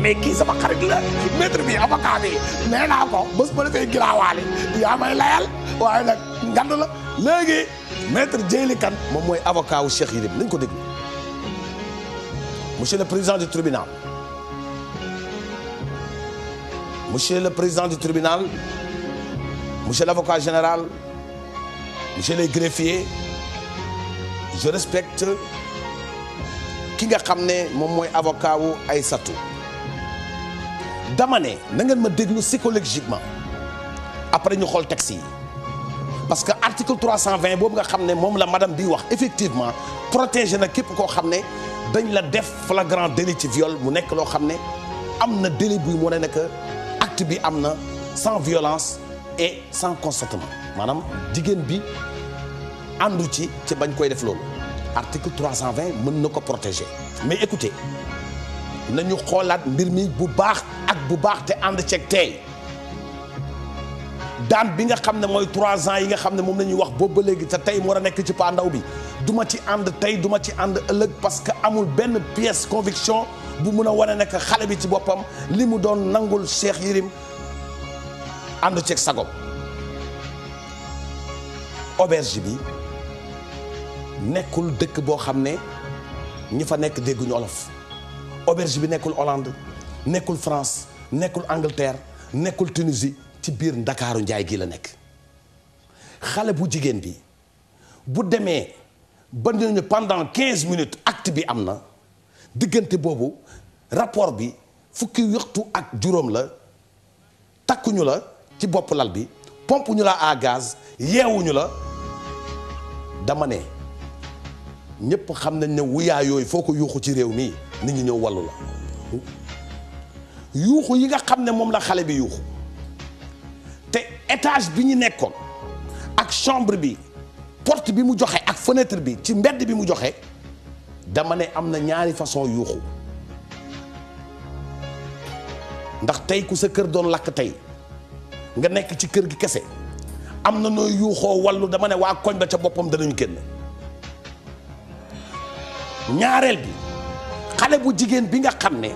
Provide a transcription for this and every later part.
mais kii sama xarit la maître bi avocat bi nee naa ko bés ba dafay gilaawaale yaa may layal waaye nag ngand la léegi maître Dieyli Kane moom mooy avocat wu Cheikh Yérim nañ ko déglu monsieur le président du tribunal monsieur le président du tribunal monsieur l'avocat général monsieur les greffiers je respecte ki nga xam ne moom mooy avocat wu Aïssatou dama ne na ngeen ma déglu psychologiquement après ñu xool texte yi parce que article 320 boobu nga xam ne moom la madame bi wax effectivement protége na képp koo xam ne dañ la def flagrant délit ci viol mu nekk loo xam ne am na délit buy mu ne ne que bi am na sans violence et sans consentement maanaam jigéen bi àndu ci ci bañ koy def loolu article 320 mën na ko protége mais écoutez nañu xoolaat mbir mi bu baax ak bu baax te ànd ceeg tey daan bi nga xam ne mooy trois ans yi nga xam ne moom la ñuy wax boobu ba léegi te tey mu war a nekk ci paa bi duma ci ànd tey duma ci ànd ëllëg parce que amul benn pièce conviction bu mun a wane nekk xale bi ci boppam li mu doon nangul Cheikh Yérim ànd ceeg sagom auberge bi nekkul dëkk boo xam ne ñu fa nekk dégguñu olof obergie bi nekkul Hollande nekkul France nekkul Angleterre nekkul Tunisie ci biir ndakaaru njaay gi la nekk xale bu jigéen bi bu demee ba nañu pendant quinze minutes acte bi am na diggante boobu rapport bi fukki waxtu ak juróom la takkuñu la ci bopp lal bi pompuñu la à gaz yeewuñu la dama ne ñëpp xam nañ ne wuyaa yooyu foo ko yuuxu ci réew mii nit ñi ñëw wallu la yuuxu yi nga xam ne moom la xale bi yuuxu te étage bi ñu nekkoon ak chambre bi porte bi mu joxe ak fenêtre bi ci mbedd bi mu joxe dama ne am na ñaari façon yuuxu ndax tey ku sa kër doon lakk tey nga nekk ci kër gi kese am na nooy yuuxoo wallu dama ne waa koñ ba ca boppam danañ génn ñaareel bi xale bu jigéen bi nga xam ne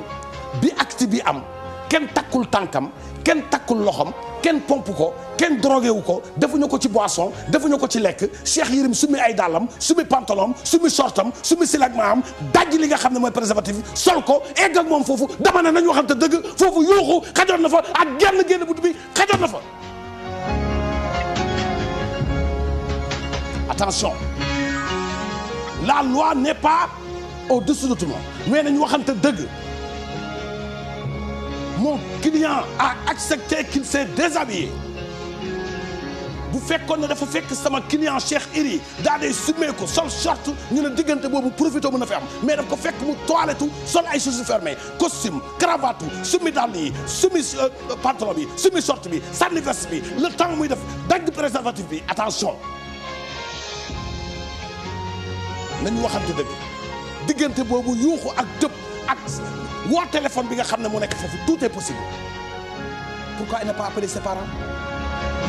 bi acte bi am kenn takkul tànkam kenn takkul loxom kenn pomp ko kenn drogué wu ko defuñu ko ci boisson defuñu ko ci lekk Cheikh Yérim sumi ay dàllam sumi pantalon sumi shortam sumi silagma am daj li nga xam ne mooy préservatif sol ko egg moom foofu dama ne xam waxante dëgg foofu yuuxu xajoon na fa ak genn génn bunt bi xajoon na fa. attention la loi n'est pas. au de tout le monde mais nañu waxante dëgg mon client a accepté qu'il s'est déshabillé bu fekkoon ne dafa fekk sama client Cheikh Iri daa dee sumé ko sol short ñu ne diggante boobu profité mën na fi am mais daf ko fekk mu toilette sol ay chaussures fermées costume cravate summi dàll yi summi euh, euh, pantalon bi summi short bi sànni bi le temps muy def dagg préservatif bi attention wax waxante dëgg. diggante boobu yuuxu ak dëpp ak woo téléphone bi nga xam ne mu nekk foofu tout est possible pourquoi il n'a pas appelé ses parents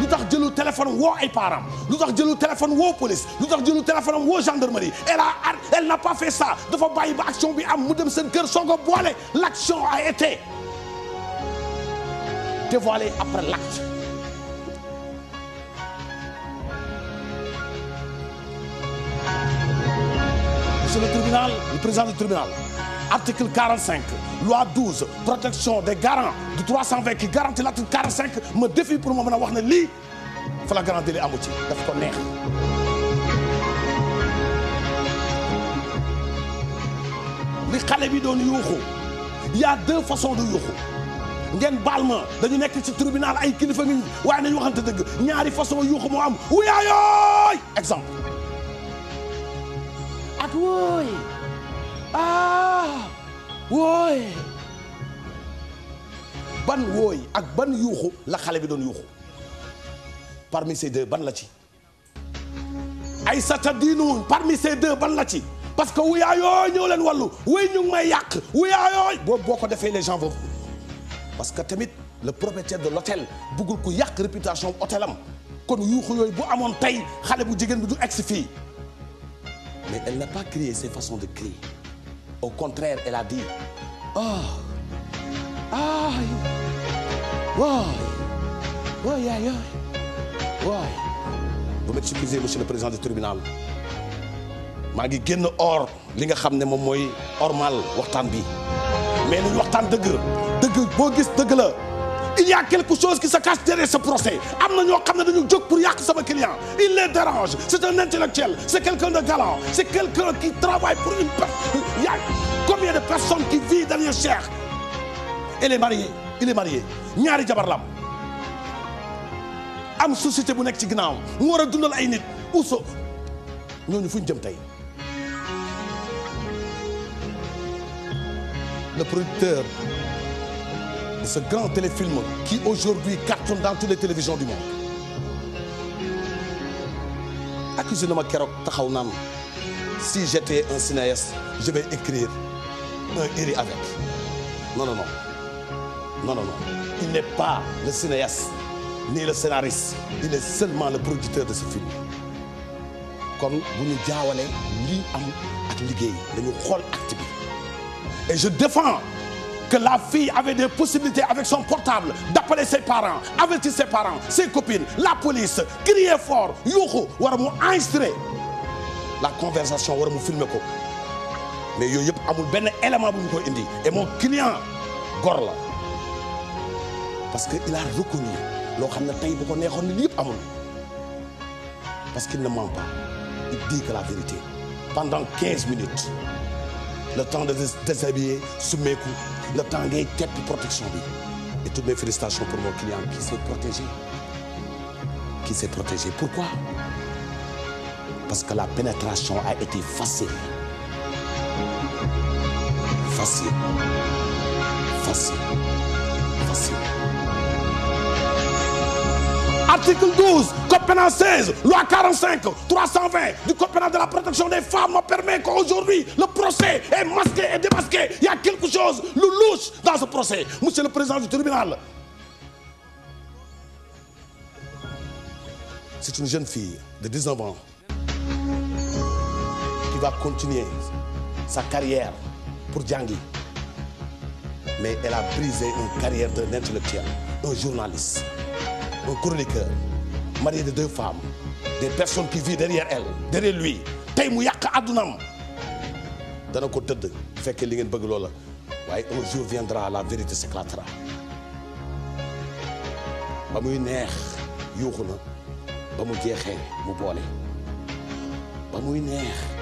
lu tax jëlu téléphone woo ay parents lu tax jëlu téléphone woo police lu tax jëlu téléphone woo gendarmerie elle a elle n'a pas fait ça dafa bàyyi ba action bi am mu dem seen kër soo ko boole l'action a été dévoilée après l'acte c'est le tribunal le président du tribunal article loi 12 protection des garants du 320 qui garantit l'article 45 me défie pour ma mën a wax ne lii flagrant délit amu ci daf ko neex li xale bi doon yuuxu deux façons de yuuxu ngeen baal ma dañu nekk ci tribunal ay kilifa ngi waaye nañu waxante dëgg ñaari façon yuuxu moo am wuyaayooy exemple Uy. ah ban wooy ak ban yuuxu la xale bi doon yuuxu parmi ces deux ban la ci ay Aïssata diinuun parmi ces deux ban la ci parce que wuyaayoo ñëw leen wàllu wuy ñu may yàq wuyaayoo boobu boo ko defee les gens vont parce que tamit le propriétaire de l'hôtel bëggul ku yàq réputation hôtelam kon yuuxu yooyu bu amoon tey xale bu jigéen bi du egsi fii Mais elle n'a pas créé ces façons de crier. Au contraire, elle a dit Oh Aïe Wouai Wouai aïe Wouai Vous m'excusez, monsieur le président du tribunal. maa ngi génn or li nga xam ne moom mooy ormal waxtaan bi mais nañ waxtaan dëgg dëgg boo gis dëgg la. il y a quelque chose qui se cache ce procès am na ñoo xam ne dañu jóg pour yàq sama client il les dérange c'est un intellectuel c'est quelqu'un de galant c'est quelqu'un qui travaille pour une personne il y qui vivent derrière Cheikh elle il est marié ñaari jabar la am société bu nekk ci ginnaawam mu war a dundal ay nit uso ñooñu fu ñu jëm tey le ce grand téléfilm qui aujourd'hui cartonne dans toutes les télévisions du monde accuse na ma keroog taxaw naan si j'étais un cinéaste je vais écrire un Iri non non non il n'est pas le cinéaste ni le scénariste il est seulement le producteur de ce film kon bu ñu jaawalee lii am ak liggéey xool acte bi et je défends que la fille avait des possibilités avec son portable d'appeler ses parents avertir ses parents ses copines la police crier fort yuuxu war a mu la conversation war a mu filmer ko mais yooyu yëpp amul benn élément bu ñu ko indi et mon client gor la parce que il a reconnu loo xam ne tey bu ko neexoon ne yëpp amul parce qu'il ne ment pas il dit que la vérité pendant quinze minutes le temps de déshabiller summeeku le temps ngay teppi protection bi et toutes mes félicitations pour mon client qui s'est protégé qui s'est protégé pourquoi parce que la pénétration a été facile facile facile article 12 code pénal 16 loi 45 320 du code pénal de la protection des femmes me permet le procès est masqué et démasqué il jeune fille de 19 ans qui va pour jàngi mais elle a brisé une carrière d'un intellectuel un journaliste un chroniqueur marié de deux femmes des personnes qui vivent derrière elle derrière tey mu yàq àddunaam dana ko tëdd bu fekkee li ngeen bëgg loola waaye un jour viendra la vérité ba muy neex yuuxu na ba mu jeexee mu boole ba muy neex